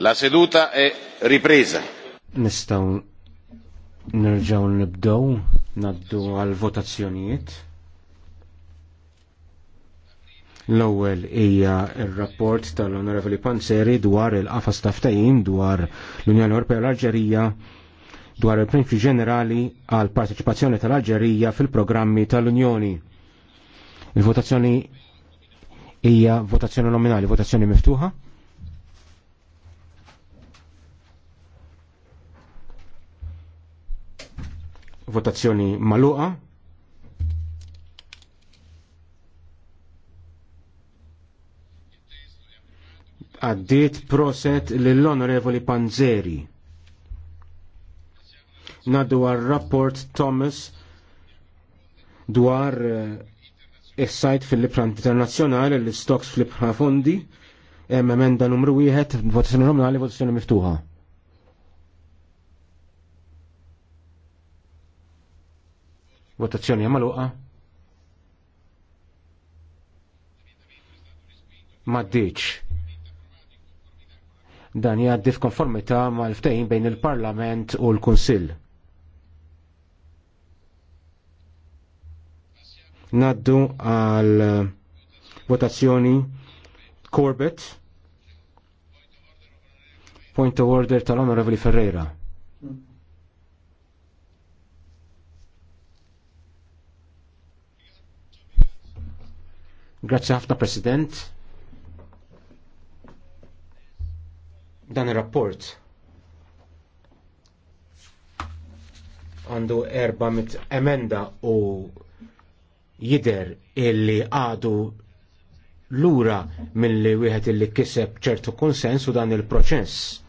La seduta è ripresa. Nistaw nerġaw nibdow naddu għal votazzjonijiet. L-ewwel hija r-rapport tal-Onorevoli Panzeri dwar il-qafas taftajin dwar l-Unjoni Ewropea l-Alġerija dwar il-prinċi ġenerali għal parteċipazzjoni tal-Alġerija fil-programmi tal-Unjoni. Il-votazzjoni hija votazzjoni nominali, votazzjoni miftuħa. Votazzjoni maluqa. Għaddit proset l onorevoli Panzeri. Naddu għal rapport Thomas dwar eh, is-sajt fil-libra internazzjonali l-stocks fil-libra fondi, emenda numru wieħed, votazzjoni nominali, votazzjoni miftuħa. Votazzjoni għamaluqa. Maddiċ. Dan jgħaddi f'konformità mal-ftehim bejn il-Parlament u l-Kunsill. Naddu għal votazzjoni Corbett. Point of order tal-Onorevoli Ferreira. Mm. Grazzi ħafna President. Dan ir-rapport għandu mit emenda u jider illi għadu lura mill-li wieħed illi kiseb ċertu konsens u dan il-proċess